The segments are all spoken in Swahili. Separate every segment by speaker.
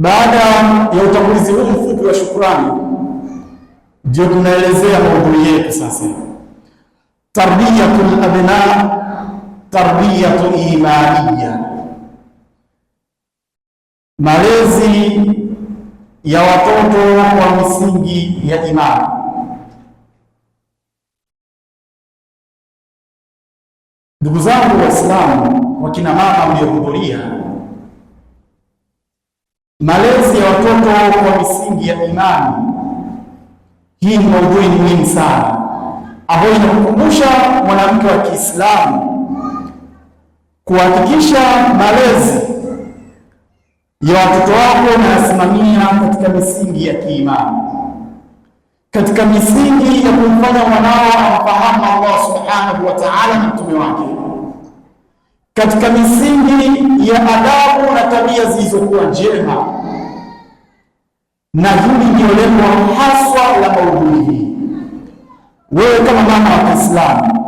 Speaker 1: Baada ya utangulizi huu mfupi wa shukurani, ndio tunaelezea maudhui yetu sasa. Tarbiyatul abna tarbiyatu imaniya, malezi ya watoto kwa misingi ya imani. Ndugu zangu Waislamu, wakina mama mliohudhuria Malezi ya watoto kwa misingi ya imani, hii maudhui ni muhimu sana, ambayo inakukumbusha mwanamke wa Kiislamu kuhakikisha malezi ya watoto wako nayasimamia katika misingi ya kiimani, katika misingi ya kumfanya mwanao amfahamu Allah subhanahu wa ta'ala na mtume wake katika misingi ya adabu na tabia zilizokuwa njema, na hili ndio lengo haswa la maudhui hii. Wewe kama mama wa Kiislamu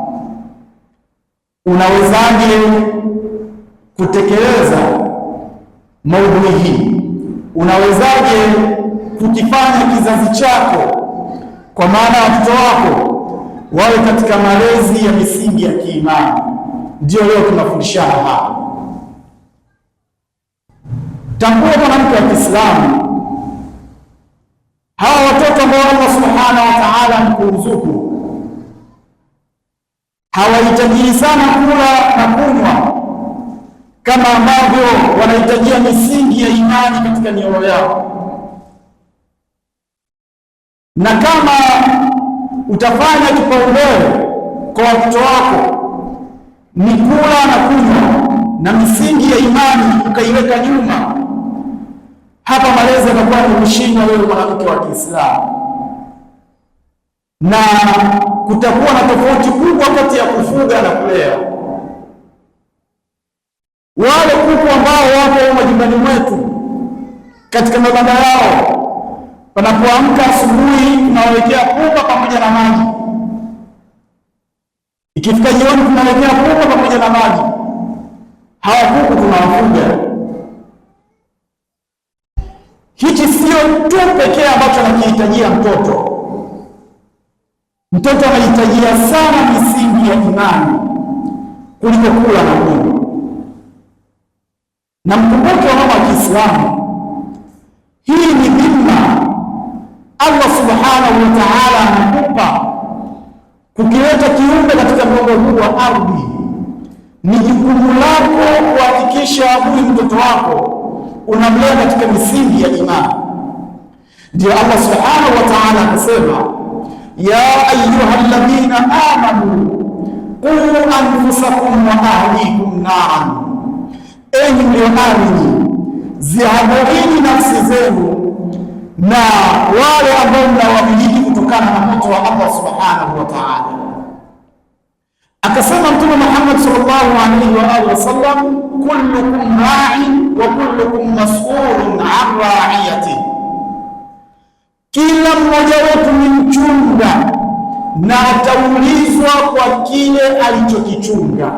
Speaker 1: unawezaje kutekeleza maudhui hii? Unawezaje kukifanya kizazi chako, kwa maana ya watoto wako wawe katika malezi ya misingi ya kiimani? Ndio leo tunafundishana hapa. Tambua mwanamke wa Kiislamu, hawa watoto ambao Allah subhanahu wa taala mkuruzuku hawahitajii sana kula na kunywa kama ambavyo wanahitajia misingi ya imani katika mioyo yao, na kama utafanya kipaumbele kwa watoto wako ni kula na kunywa, na misingi ya imani ukaiweka nyuma. Hapa malezi yatakuwa ni kushindwa wewe mwanamke wa Kiislamu, na kutakuwa na tofauti kubwa kati ya kufuga na kulea. Wale kuku ambao wapo majumbani mwetu katika mabanda yao, panapoamka asubuhi, tunawawekea pumba pamoja na maji Ikifika jioni tunaletea kuku pamoja na maji. Hawa kuku tunawafuga. Hichi sio tu pekee ambacho anakihitajia mtoto. Mtoto anahitajia sana misingi ya imani kuliko kula na kunywa. Na mkumbuke mama wa Kiislamu, hii ni dhima Allah subhanahu wa ta'ala anakupa Kukileta kiumbe katika mgongo huu wa ardhi ni jukumu lako kuhakikisha huyu mtoto wako unamlea katika misingi ya imani. Ndiyo Allah subhanahu wa ta'ala akasema, ya ayuha alladhina amanu quu anfusakum wa ahlikum naran, enyi mlioamini zihadharini nafsi zenu na wale ambao mnawamiliki kutokana na moto wa Allah subhanahu wa ta'ala. Akasema Mtume Muhammad sallallahu alaihi wa alihi wasallam, kullukum ra'i wa kullukum mas'ulun an ra'iyati, kila mmoja wetu ni mchunga na ataulizwa kwa kile alichokichunga.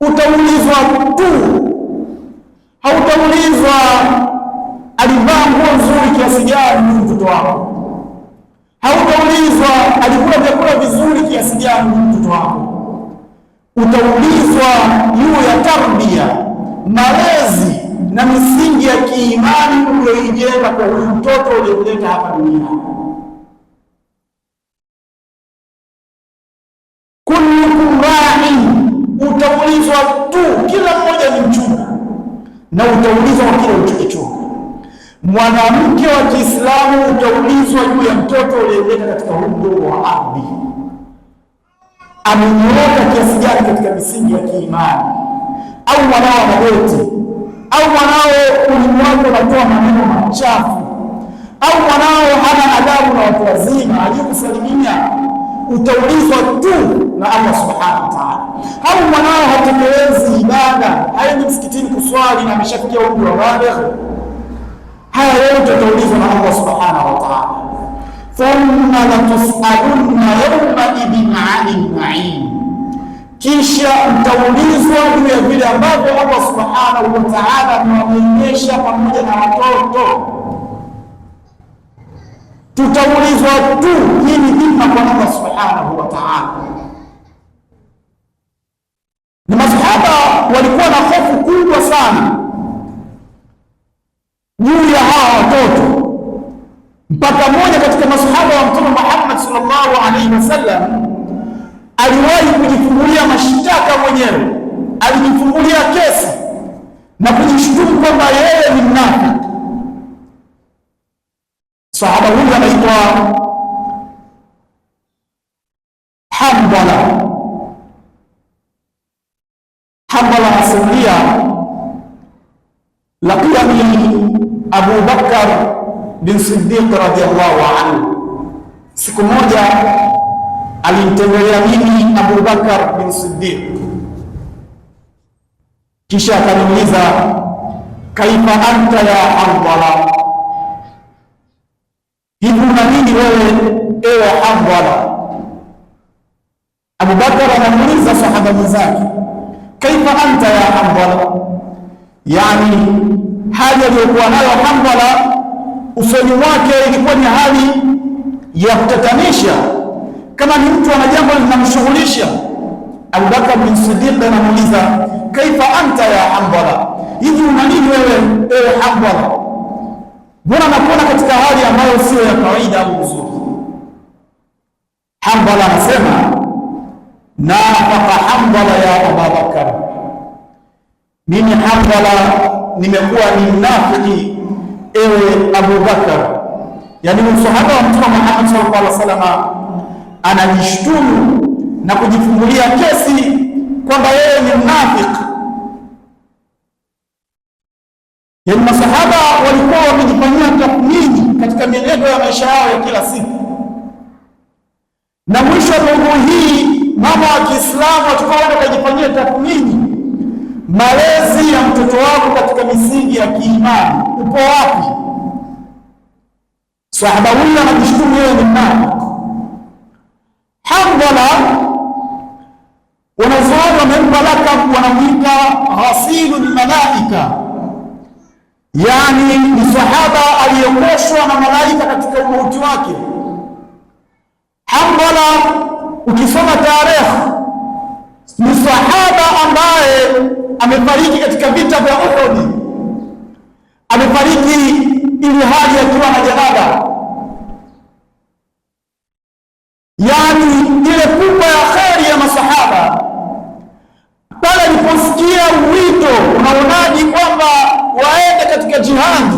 Speaker 1: Utaulizwa tu, hautaulizwa alivaa nguo nzuri kiasi gani mtoto wako Hautaulizwa alikula vyakula vizuri kiasi gani mtoto wako, utaulizwa juu ya tarbia, malezi na misingi ya kiimani uliyoijenga kwa huyu mtoto uliyemleta hapa duniani. Kullukum rain, utaulizwa tu, kila mmoja ni mchunga na utaulizwa kwa kile mwanamke wa Kiislamu utaulizwa juu ya mtoto uliyeleta katika umbo wa ardhi, amenyooka kiasi gani katika misingi ya kiimani? Au mwanao magoti, au mwanao ulimwako unatoa maneno machafu, au mwanao hana adabu na watu wazima, aliyokusalimia utaulizwa tu na Allah subhanahu wa ta'ala. Au mwanao hatekelezi ibada, haendi msikitini kuswali na ameshafikia umri wa baligh Haya yote utaulizwa na Allah subhanahu wa ta'ala, thumma latusalunna yawma idhin anin naim, kisha utaulizwa juu ya vile ambavyo Allah subhanahu wa ta'ala amewaonyesha pamoja na watoto. Tutaulizwa tu, hii ni dhima kwa Allah subhanahu wa ta'ala. Ni masahaba walikuwa na hofu kubwa sana juu ya hawa watoto mpaka mmoja katika masahaba wa Mtume Muhammad sallallahu alaihi wasallam aliwahi kujifungulia mashtaka mwenyewe, alijifungulia kesi na kujishutumu kwamba yeye ni mnafiki. Sahaba huyu anaitwa hambala hambala asilia lakini Abu Bakar bin Siddiq radhiallahu anhu, siku moja alimtembelea mimi Abu Bakar bin Siddiq, kisha akaniuliza kaifa anta ya Handhala, hivi una nini wewe ewe Handhala? Abu Bakar anamuuliza sahaba mwenzake, kaifa anta ya Handhala, yani hali aliyokuwa nayo Hanbala usoni wake ilikuwa ni hali ya kutatanisha. Kama ni mtu ana jambo linamshughulisha, Abubakar bin Siddiq anamuuliza kaifa anta ya Hanbala, hivi una nini wewe, ewe Hanbala? Mbona nakuona katika hali ambayo sio ya kawaida au nzuri? Hanbala anasema nafaka Hanbala ya Abubakar, mimi Hanbala nimekuwa ni mnafiki, ewe Abu Bakar. Yani msahaba wa Mtume Muhammad sallallahu alaihi wasallam anajishtumu na kujifungulia kesi kwamba yeye ni mnafiki. Yani masahaba walikuwa wakijifanyia tathmini katika mienendo ya maisha yao ya kila siku, na mwisho wa hii mama wa Kiislamu atakwenda kujifanyia tathmini Malezi ya mtoto wako katika misingi ya kiimani upo wapi? Sahaba huyu anajishukuru yeye ni nani? Hamdala, wanazuani wamempa lakabu, wanamwita ghasilu lmalaika, yaani ni sahaba aliyekoshwa na malaika katika umauti wake. Hambala ukisoma tarehe amefariki katika vita vya Uhud, amefariki ili hali akiwa na janaba, yani ile kubwa ya kheri ya masahaba. Pale aliposikia wito unaonaji kwamba waende katika jihadi,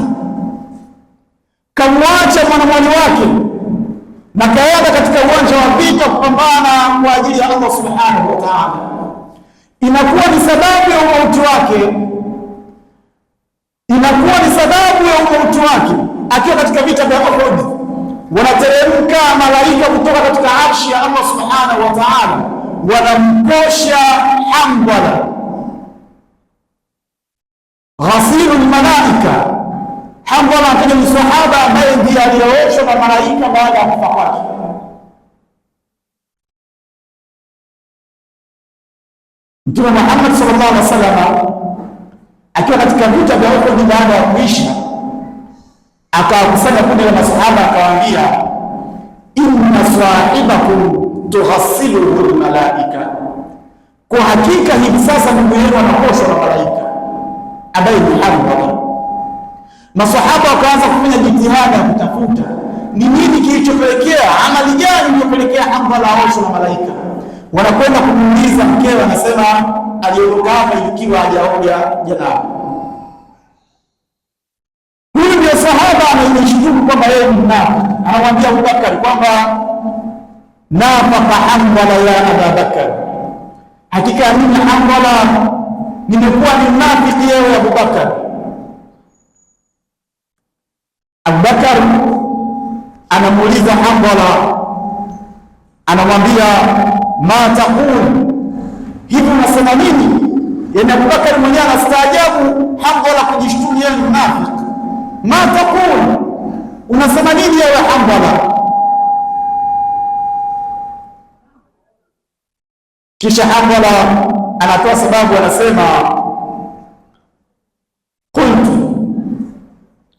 Speaker 1: kamwacha mwanamwali wake na kaenda katika uwanja wa vita kupambana kwa ajili ya Allah subhanahu wa ta'ala inakuwa ni sababu ya umauti wake, inakuwa ni sababu ya umauti wake. Akiwa katika vita vya Uhud, wanateremka malaika kutoka katika arshi ya Allah subhanahu wa ta'ala, wanamkosha Hanbala ghasilu lmalaika. Hanbala akaja ni sahaba ambaye ndiye aliyeoshwa na malaika baada ya kufa kwake. Mtume Muhammad sallallahu alaihi wasallam akiwa katika vita vya Uhud baada ya kuisha, akawakusanya kundi la masahaba akawaambia, inna sahibakum tughasiluhu almalaika, kwa hakika hivi sasa ndugu yenu anakoshwa na malaika ambaye ni Muhammad. Masahaba wakaanza kufanya jitihada ya kutafuta ni nini kilichopelekea, amali gani iliyopelekea Hamdala aoshwe na malaika wanakwenda kumuuliza mkewe, anasema aliondoka hapa ikiwa hajaoga janaba. Huyu ndio sahaba anayeshukuru kwamba yeye ni anamwambia Abubakari kwamba nafaka hambala ya Ababakar, hakika mimi Hanbala nimekuwa ni mnafiki, yewe Abubakar. Abubakar anamuuliza Hanbala, anamwambia ma taqul, hivi unasema nini? Yani Abubakari mwenyewe anastaajabu, hamd kujishtulia ni mnafiki. Ma taqul, unasema nini ewe Hambala? Kisha Hambala anatoa sababu, anasema qultu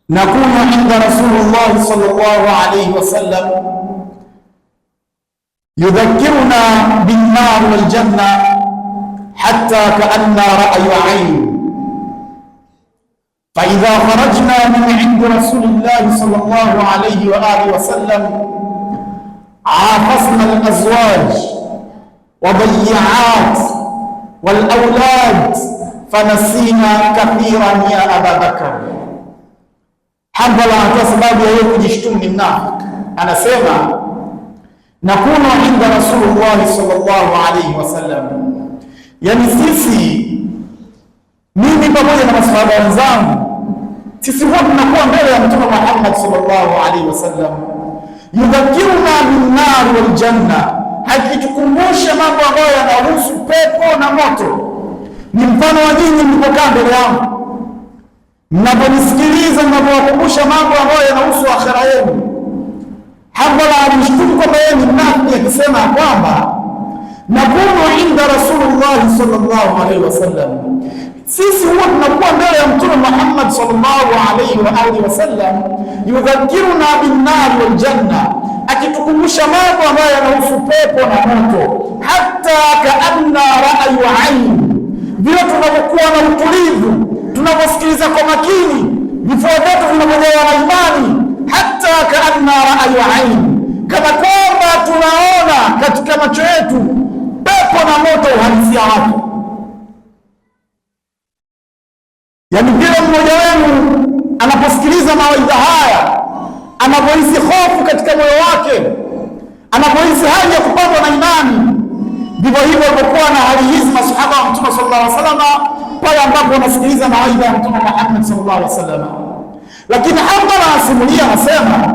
Speaker 1: nakuna inda Rasulullahi sallallahu alayhi wasallam يذكرنا بالنار والجنة حتى كأننا رأي عين فإذا خرجنا من عند رسول الله صلى الله عليه وآله وسلم عافصنا الأزواج وضيعات والأولاد فنسينا كثيرا يا أبا بكر حبلا kwa sababu يوم yeye من ni أنا سيما na kuna inda Rasulullah sallallahu alayhi wasallam, yani sisi mimi pamoja na masahaba wenzangu sisi huwa tunakuwa mbele ya Mtume Muhammad sallallahu alayhi wasallam, yudhakiruna bin nar wal janna, hakitukumbusha mambo ambayo yanahusu pepo na moto. Ni mfano wa nyinyi mlipokaa mbele yangu, mnaponisikiliza, mnapowakumbusha mambo ambayo yanahusu akhera yenu hapo na mshukuru kwamba yeye ni mnafiki akisema kwamba nakunu inda Rasulullah sallallahu alaihi wasallam, sisi huwa tunakuwa mbele ya Mtume Muhammad sallallahu alaihi wa alihi wasallam, yudhakiruna binnari waljanna, akitukumbusha mambo ambayo yanahusu pepo na moto, hata kaanna raayu aini, vile tunavyokuwa na utulivu, tunavyosikiliza kwa makini, vifua vyetu vinavyojawa na imani hatta kaanna raayu aini, kana kwamba tunaona katika macho yetu pepo na moto uhalisia wake. Yaani kila mmoja wenu anaposikiliza mawaidha haya, anapohisi hofu katika moyo wake, anapohisi hali ya kupambwa na imani, ndivyo hivyo alipokuwa na hali hizi masahaba wa Mtume sallallahu alaihi wasallam pale ambapo wanasikiliza mawaidha ya Mtume Muhammad sallallahu alaihi wasallam. lakini hapa anasimulia anasema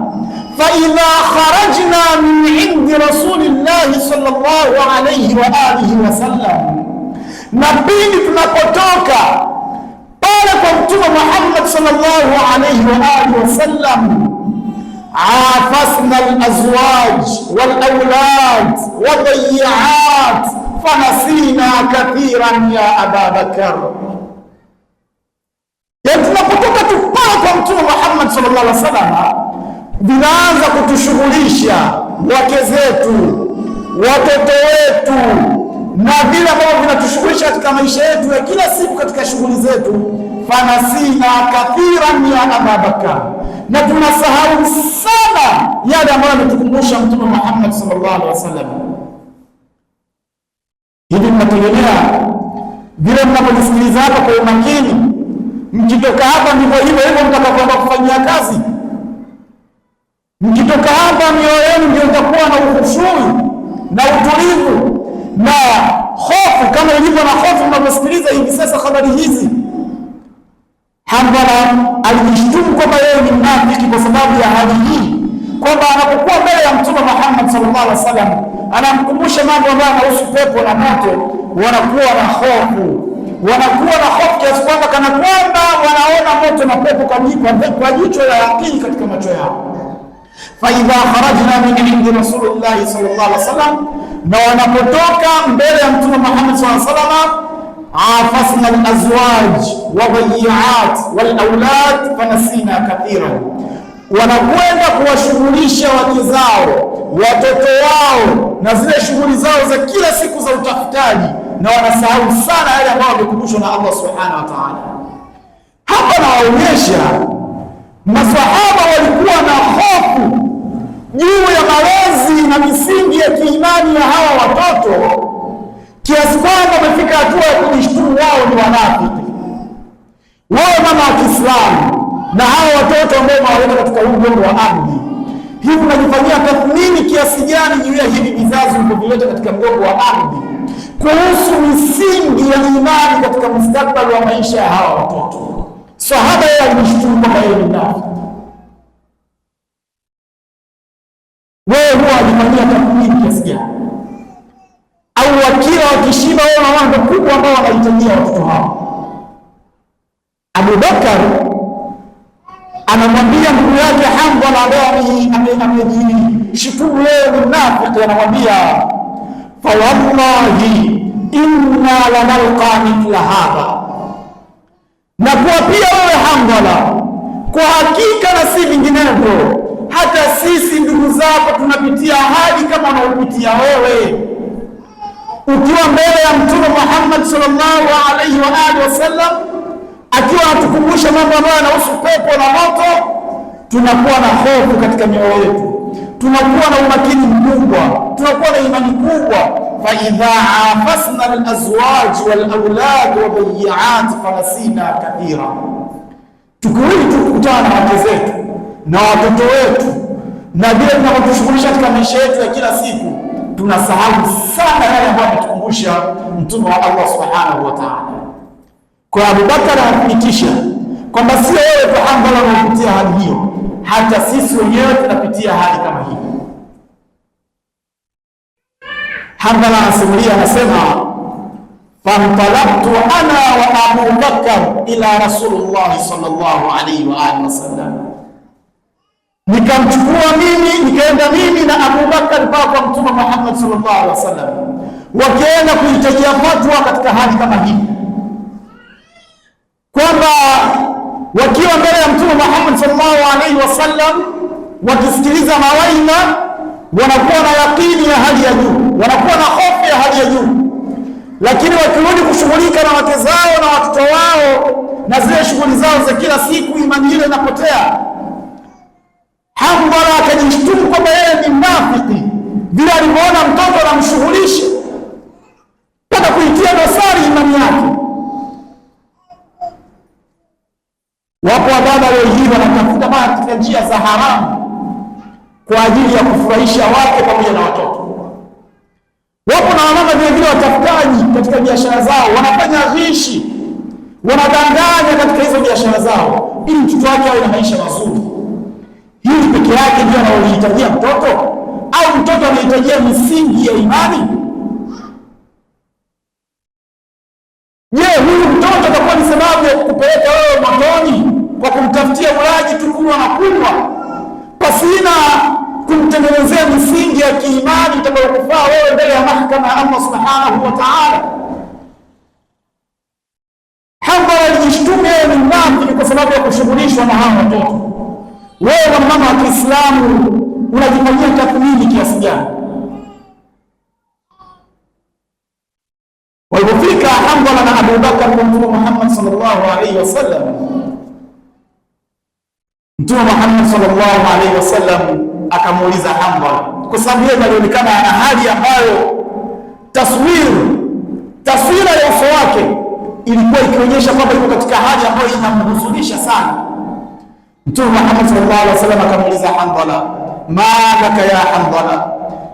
Speaker 1: faidha kharajna min indi rasulillahi sallallahu alaihi wa alihi wasallam, na pindi tunapotoka pale kwa Mtume Muhammad sallallahu alaihi wa alihi wasallam عافسنا الأزواج والأولاد وضيعات فنسينا كثيرا يا أبا بكر na tunapotoka tupaa kwa Mtume Muhammad sallallahu alaihi wasallam, vinaanza kutushughulisha wake zetu, watoto wetu, na vile ambavyo vinatushughulisha katika maisha yetu ya kila siku, katika shughuli zetu. Fanasina kathiran ya Ababakar, na tunasahau sana yale ambayo ametukumbusha Mtume Muhammad sallallahu alaihi wasallam. Hivi mnategemea vile mnapojisikiliza hapa kwa umakini Mkitoka hapa ndivyo hivyo hivyo mtakavyoenda kufanyia kazi. Mkitoka hapa mioyo yenu ndio itakuwa na uhusuri na utulivu na hofu, kama ilivyo na hofu mnavyosikiliza hivi sasa habari hizi. Hanbala alijishtumu kwamba yeye ni mnafiki kwa sababu ya hali hii, kwamba anapokuwa mbele ya Mtume Muhammad sallallahu alaihi wasallam anamkumbusha mambo ambayo yanahusu pepo na moto, wanakuwa na hofu wanakuwa na hofu kiasi kwamba kana kwamba wanaona moto na pepo kwa jicho la akili katika macho yao. faidha kharajna min indi rasulillahi sallallahu alaihi wasallam, na wanapotoka mbele ya Mtume Muhammad sallallahu alaihi wasallam afasna alazwaj wa dhayyi'at wal aulad fanasina kathira wanakwenda kuwashughulisha wake zao watoto wao na zile shughuli zao za kila siku za utafutaji na wanasahau sana yale ambayo wamekumbushwa na Allah subhanahu wa ta'ala. Hapa nawaonyesha masahaba walikuwa na hofu juu ya malezi na misingi ya kiimani ya hawa watoto kiasi kwamba wamefika hatua ya kujishtumu wao ni wanafiki. Wao mama wa Kiislamu na hawa watoto ambao mawaleta katika huu mgongo wa ardhi hivi, unajifanyia tathmini kiasi gani juu ya hivi vizazi ulivyovileta katika mgongo wa ardhi kuhusu misingi ya imani katika mustakbali wa maisha ya hawa watoto. Sahaba yeye alimshutumu kwamba yeye ni mnafiki. Wewe huwa alifanyia tathmini kiasi gani? Au wakila wakishiba, wao na kubwa ambao wanahitajia watoto hao. Abubakar anamwambia mkuu wake Hamdala ambaye amejishutumu yeye ni mnafiki, anamwambia fawallahi inna lanalqa mithla hadha, na kuwa pia wewe Hanzala, kwa hakika na si vinginevyo, hata sisi ndugu zako tunapitia hali kama unaopitia wewe, ukiwa mbele ya Mtume Muhammad sallallahu alaihi wa alihi wasallam, akiwa anatukumbusha mambo ambayo yanahusu pepo na moto, tunakuwa na hofu katika mioyo yetu, tunakuwa na umakini mkubwa, tunakuwa na imani kubwa faidha afasna alazwaji walaulad wabayiati falasina kathira, tukiwili tukutana na wake zetu na watoto wetu na vile tunavyotushughulisha katika maisha yetu ya kila siku, tunasahau sana yale ambayo ametukumbusha mtume wa Allah subhanahu wa taala. Kwa Abubakar anathibitisha kwamba sio wewe tu ambao unapitia hali hiyo, hata sisi wenyewe tunapitia hali kama hii Hanbala anasimulia anasema, fantalabtu ana wa Abu Bakar ila Rasulullah sallallahu alaihi wa alihi wasallam, nikamchukua mimi nikaenda mimi na Abu Bakar mpaka kwa Mtume Muhammad sallallahu alaihi wasallam, wakienda kuitetea fatwa katika hali kama hii kwamba wakiwa mbele ya Mtume Muhammad sallallahu alaihi wasallam wakisikiliza mawaidha wanakuwa na yakini ya hali ya juu, wanakuwa na hofu ya hali ya juu, lakini wakirudi kushughulika na wake zao na watoto wao na zile shughuli zao za kila siku, imani ile inapotea. Hanbala akajishtumu kwamba yeye ni mnafiki, vile alivyoona mtoto anamshughulisha kwenda kuitia dosari imani yake. Wapo wababa wengine wanatafuta mali katika njia za haramu kwa ajili ya kufurahisha wake pamoja na watoto. Wapo na wamama vilevile watafutaji katika biashara zao, wanafanya vishi wanadanganya katika hizo biashara zao ili mtoto wake awe na maisha mazuri. Hili peke yake ndio anaohitajia mtoto au mtoto anahitajia misingi ya imani? Je, huyu mtoto atakuwa ni sababu ya kupeleka wewe motoni kwa kumtafutia ulaji tu, kunywa na kunywa pasina kumtengenezea misingi ya kiimani itakayokufaa wewe mbele ya mahakama ya Allah subhanahu wa ta'ala. Hadhara alijishtume ni mnafiki kwa sababu ya kushughulishwa na hawa watoto. Wewe mama wa Kiislamu unajifanyia tathmini kiasi gani? Walipofika Hanbala na Abubakar kwa Mtume Muhammad sallallahu alaihi wasallam, Mtume Muhammad sallallahu alaihi wasallam akamuuliza Amra, kwa sababu yeye alionekana ana hali ambayo taswiri taswira ya uso wake ilikuwa ikionyesha kwamba yuko katika hali ambayo inamhuzunisha sana. Mtume Muhammad sallallahu alaihi wasallam akamuuliza Hamdala, malaka ya Hamdala,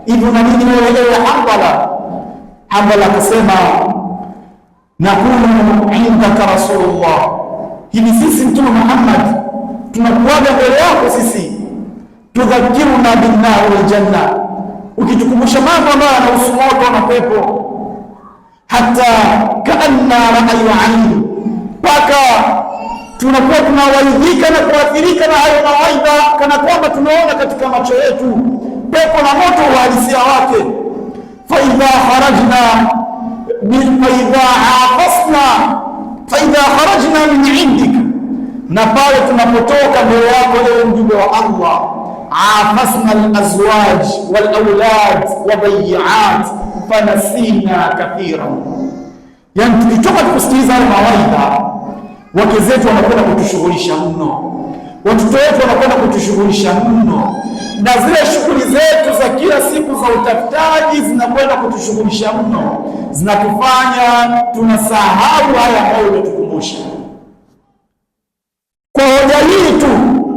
Speaker 1: hivi una nini wewe ewe Hamdala? Hamdala akasema nakunu indaka Rasulullah, hivi sisi Mtume Muhammad tunakuaga mbele yako sisi tudhakiruna binnari ljanna, ukitukumbusha mambo ambayo yanahusu moto na pepo. Hata kaanna raayu aini, mpaka tunakuwa tunawaidhika na kuathirika na hayo mawaidha, kana kwamba tunaona katika macho yetu pepo na moto uhalisia wake. faidha kharajna faidha aafasna faidha kharajna min indika, na pale tunapotoka mbele yako, ewe mjumbe wa Allah afasna alazwaj walaulad wabayiat fanasina kathira. Yani tulichoka tukusikiliza hayo mawaidha, wake zetu wanakwenda kutushughulisha mno, watoto wetu wanakwenda kutushughulisha mno, na zile shughuli zetu za kila siku za utafutaji zinakwenda kutushughulisha mno, zinatufanya tunasahau haya ambayo umetukumbusha kwa hoja hii tu.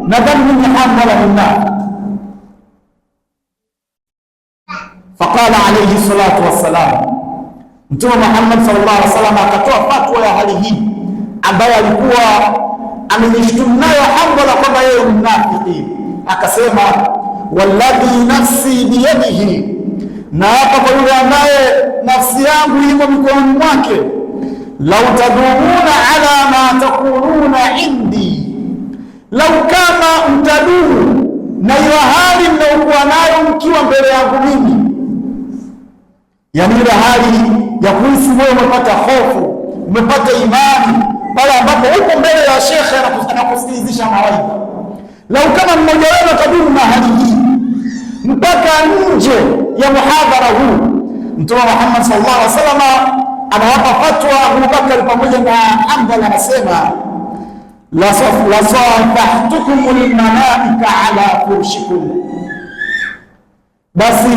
Speaker 1: Nadhani mimi hamdala lillah Faqala alayhi salatu wassalam, Mtume Muhammad sallallahu alaihi wasallam akatoa fatwa ya hali hii ambaye alikuwa amenishtumu nayo Hanzala kwamba yeye mnafiki, akasema walladhi nafsi biyadihi, na hapa kwa yule ambaye nafsi yangu imo mikononi mwake, lau tadumuna ala ma takuluna indi, lau kama mtadumu na ile hali mnayokuwa nayo mkiwa mbele yangu mimi yaani ile hali ya kuhusu wewe umepata hofu, umepata imani pale ambapo uko mbele ya shekhe anakusikilizisha mawaidha. Lau kama mmoja wenu atadumu na hali hii mpaka nje ya muhadhara huu, Mtume Muhammad sallallahu alaihi wasallam anawapa fatwa Abubakari pamoja na Hamdala, anasema lasafahtukum lilmalaika ala furshikum, basi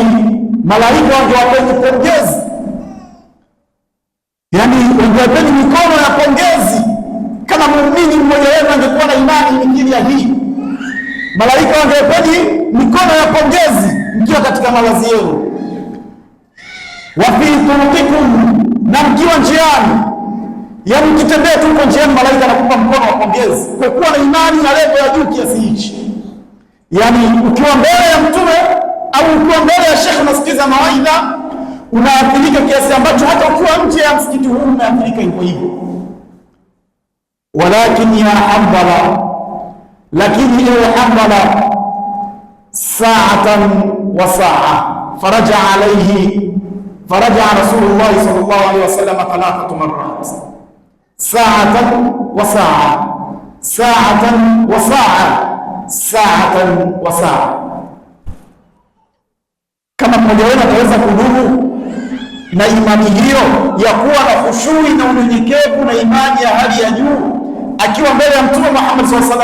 Speaker 1: malaika wangewapeni pongezi, yaani wangewapeni mikono ya pongezi. Kama muumini mmoja wenu angekuwa na imani mikili ya hii, malaika wangewapeni mikono ya pongezi mkiwa katika malazi yenu. wa fi turuqikum, na mkiwa njiani yaani mkitembea tu huko njiani, malaika anakupa mkono wa pongezi kwa kuwa na imani na lengo ya juu kiasi hichi. Yaani ukiwa mbele ya Mtume au ukiwa mbele ya shekhe unasikiza mawaidha unaathirika kiasi ambacho hata ukiwa nje ya msikiti huu unaathirika hivyo hivyo. Walakin ya Hanbala, lakini ewe Hanbala, saatan wa saa faraja alaihi faraja Rasulullahi sallallahu alaihi wasallam thalathatu marrat saatan wa saa saatan wa saa saatan wa saa kama mmoja wenu ataweza kudumu na imani hiyo ya kuwa na khushui na unyenyekevu na imani ya hali ya juu akiwa mbele ya Mtume Muhammad SAW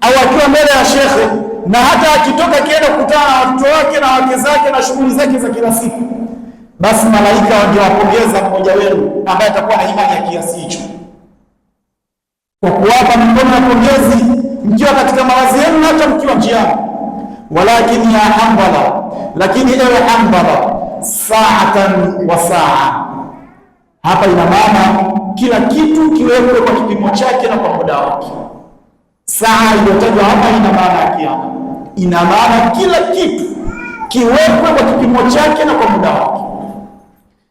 Speaker 1: au akiwa mbele ya shekhe, na hata akitoka kienda kukutana na watoto wake na wake zake na shughuli zake za kila siku, basi malaika wangewapongeza mmoja wenu ambaye atakuwa na imani ya kiasi hicho kwa kuwapa mkono wa pongezi mkiwa katika mawazi yenu na hata mkiwa njiani walakin ya hambala, lakini ewe hambala, saatan wa saa. Hapa ina maana kila kitu kiwekwe kwa kipimo chake na kwa muda wake. Saa iliyotajwa hapa ina maana ya kiama, ina maana kila kitu kiwekwe kwa kipimo chake na kwa muda wake,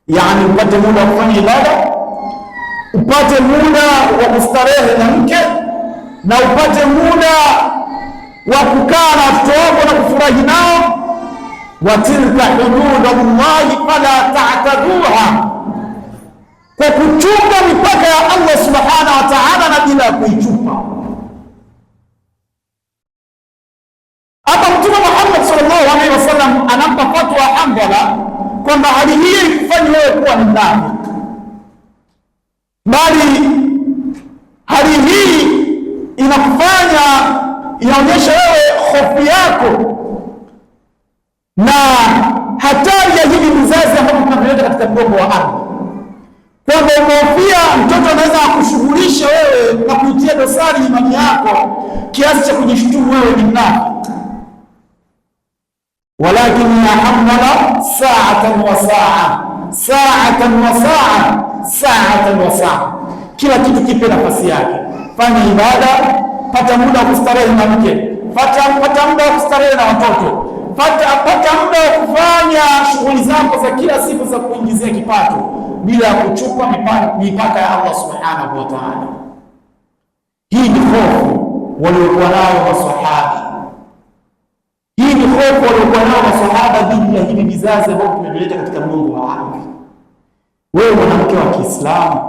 Speaker 1: yani upate muda wa kufanya ibada, upate muda wa kustarehe na mke na upate muda wa kukaa na watoto wako na kufurahi nao. wa tilka hududullahi fala ta'taduha, kwa kuchunga mipaka ya Allah subhanahu wa ta'ala na bila ya kuichupa. Hapa Mtume Muhammad sallallahu alaihi wasallam anampa fatwa Hanbala kwamba hali hii ikufanya wewe kuwa ni mnafiki, bali hali hii inakufanya inaonyesha wewe hofu yako na hatari ya hivi vizazi ambavyo tunavileta katika mgongo wa ardhi, kwamba umehofia mtoto anaweza akushughulisha wewe na kuitia dosari imani yako kiasi cha kujishutumu wewe ni Walakin ya yahamala saatan wa saa saatan wa saa saatan wa saa, kila kitu kipe nafasi yake, fanya ibada pata muda wa kustarehe na mke, pata muda wa kustarehe na watoto, pata muda wa kufanya shughuli zako za kila siku za kuingizia kipato bila ya kuchupa mipaka ya Allah subhanahu wa ta'ala. Hii ni hofu waliokuwa nayo maswahaba, hii ni hofu waliokuwa nayo maswahaba dhidi ya hivi vizazi ambavyo tumevileta katika mgongo wa ardhi. Wewe mwanamke wa Kiislamu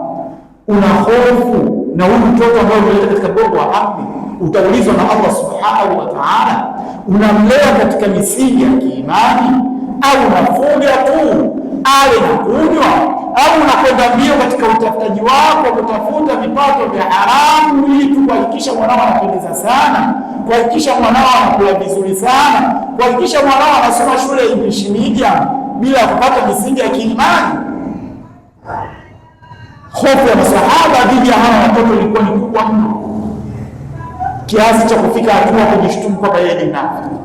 Speaker 1: una hofu na huyu mtoto ambaye umeleta katika bongo wa ardhi utaulizwa na Allah subhanahu wa ta'ala, unamlea katika misingi ya kiimani au unafunga tu ale na kunywa, au unakwenda mbio katika utafutaji wako kutafuta vipato vya haramu ili kuhakikisha mwanao anapendeza sana, kuhakikisha mwanao anakula vizuri sana, kuhakikisha mwanao anasoma shule ya English medium bila kupata misingi ya kiimani hofu ya masahaba dhidi ya hawa watoto ilikuwa ni kubwa mno kiasi cha kufika hatua kujishtumu kwamba yeye ni mnafiki.